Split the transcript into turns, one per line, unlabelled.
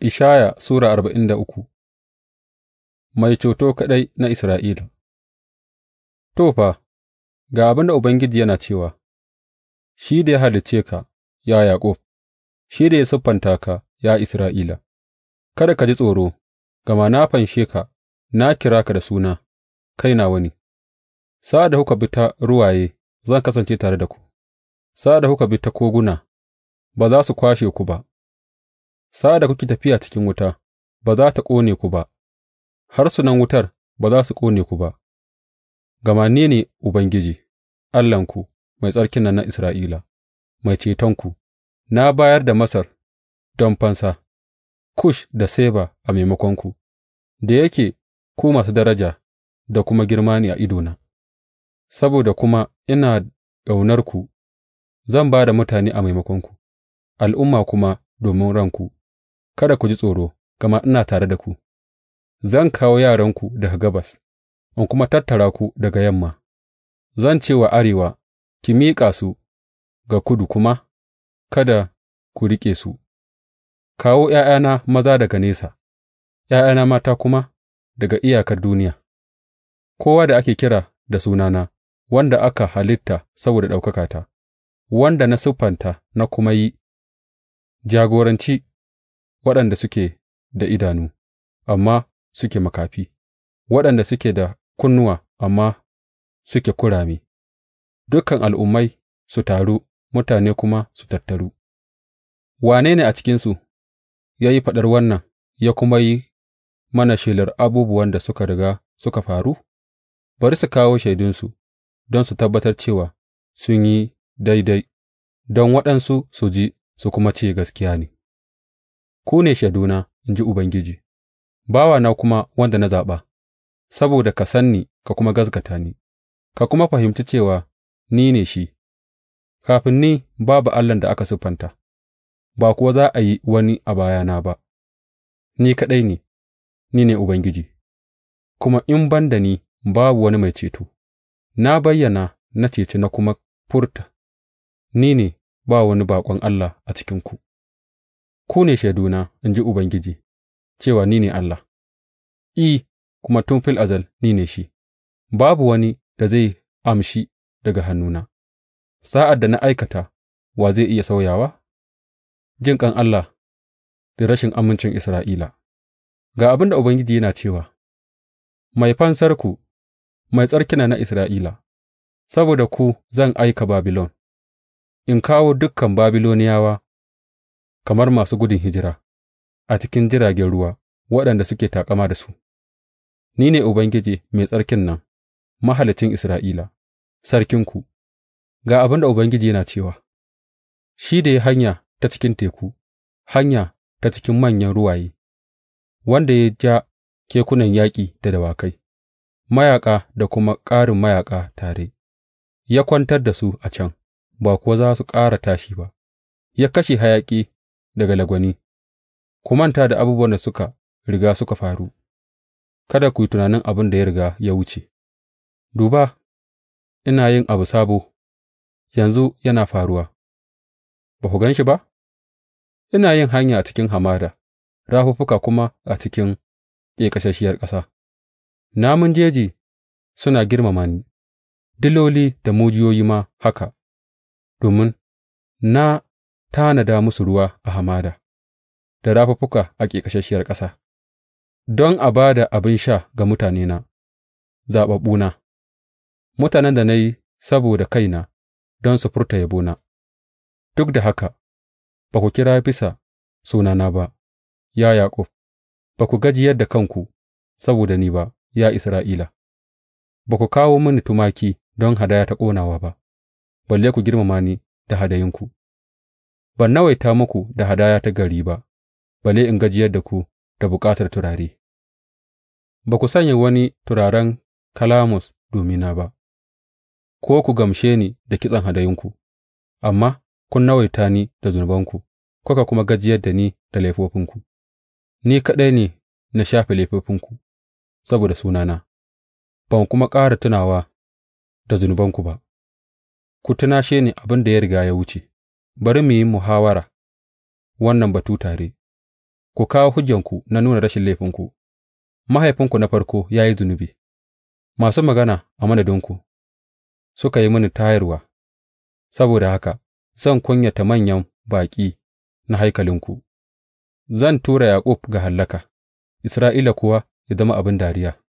Ishaya Sura arba'in da uku Mai ceto kaɗai na Isra'ila To, fa, ga abin da Ubangiji yana cewa, shi da ya halicce ka, ya Yaƙub, shi da ya siffanta ka, ya Isra'ila, Kada ka ji tsoro, gama na fanshe ka, na kira ka da suna, kai na wani. sa'ad da kuka bi ta ruwaye, zan kasance tare da ku, sa'ad da kuka bi ta koguna, ba za su kwashe ku ba. Sa'ad da kuke tafiya cikin wuta, ba za ta ƙone ku ba, harsunan wutar ba za su ƙone ku ba, gama ni ne Ubangiji, Allahnku, Mai Tsarkin nan na Isra'ila, Mai Cetonku, na bayar da Masar don fansa, Kush da Seba a maimakonku, da yake ku masu daraja da kuma girma ne a idona, saboda kuma ina ƙaunarku, zan ba da mutane a maimakonku, al'umma kuma domin ranku. Kada ku ji tsoro, gama ina tare da ku; zan kawo yaranku daga gabas in kuma tattara ku daga yamma; zan ce wa arewa, Ki miƙa su,’ ga kudu kuma, Kada ku riƙe su; kawo ’ya'yana maza daga nesa, ’ya'yana mata kuma daga iyakar duniya, kowa da ake kira da sunana, wanda aka halitta saboda ɗaukakata, wanda na siffanta na kuma yi jagoranci. waɗanda suke da idanu, amma suke makafi, waɗanda suke da kunnuwa, amma suke kurame, dukan al'ummai su taru, mutane kuma su tattaru. Wane ne a cikinsu ya yi faɗar wannan ya kuma yi mana shelar abubuwan da suka riga suka faru? Bari su kawo shaidunsu don su tabbatar cewa sun yi daidai, don waɗansu su ji su kuma ce gaskiya ne. Ku ne shaiduna, in ji Ubangiji, bawana kuma wanda na zaɓa, saboda ka san ni ka kuma gaskata ni, ka kuma fahimci cewa ni ne shi; kafin ni babu allahn da aka siffanta, ba kuwa za a yi wani a bayana ba, ni kaɗai ne, ni ne Ubangiji, kuma in ban da ni babu wani mai ceto; na bayyana, na ceci na kuma furta, Ni ne, ba wani baƙon allah a cikinku. Ku ne shaiduna, in ji Ubangiji, cewa ni ne Allah, I, kuma tun fil azal ni ne shi; babu wani da zai amshi daga hannuna sa'ad da na aikata, wa zai iya sauyawa Jin jinƙan Allah da rashin amincin Isra'ila Ga abin da Ubangiji yana cewa, Mai fansarku, Mai tsarkina na Isra'ila, saboda ku zan aika Babilon, in kawo dukan Babiloniyawa kamar masu gudun hijira a cikin jiragen ruwa waɗanda suke taƙama da su, Ni ne Ubangiji Mai Tsarkin nan, Mahalicin Isra'ila, Sarkinku, ga abin da Ubangiji yana cewa, shi da ya hanya ta cikin teku, hanya ta cikin manyan ruwaye, wanda ya ja kekunan yaƙi da dawakai, mayaƙa da kuma ƙarin mayaƙa tare, ya kwantar da su a can, ba kuwa za su ƙara tashi ba, ya kashe hayaƙi daga lagwani, ku manta da abubuwan da suka riga suka faru; kada ku yi tunanin abin da ya riga ya wuce, Duba, ina yin abu sabo, yanzu yana faruwa, ba ku gan shi ba? Ina yin hanya a cikin hamada, rafuffuka kuma a cikin ƙeƙasasshiyar ƙasa; namun jeji suna girmama ni, diloli da mujiyoyi ma haka, domin na tanada musu ruwa a hamada da rafuffuka a ƙeƙasasshiyar ƙasa, don a ba da abin sha ga mutanena, zaɓaɓɓuna, mutanen da na yi saboda kaina don su furta yabona, duk da haka ba ku kira bisa sunana ba, ya Yaƙub, ba ku gajiyar da kanku saboda ni ba, ya Isra'ila, ba ku kawo mini tumaki don hadaya ta ƙonawa ba, balle ku girmama ni da hadayinku. Ban nawaita muku da hadaya ta gari ba, balle in gajiyar da ku da bukatar turare; ba ku sanya wani turaren kalamus domina ba ko ku gamshe ni da kitsen hadayunku, amma kun nawaita ni da zunubanku kuka kuma gajiyar da ni da laifofinku; ni kaɗai ne na shafe laifofinku saboda sunana, ban kuma ƙara tunawa da zunubanku ba; ku tunashe ni abin da ya riga ya wuce. Bari mu yi muhawara. wannan batu tare; ku kawo hujjanku na nuna rashin laifinku, mahaifinku na farko ya yi zunubi, masu magana a madadinku suka yi mini tayarwa, saboda haka zan kunyata manyan baƙi na haikalinku; zan tura Yaƙub ga hallaka Isra'ila kuwa ya zama abin dariya.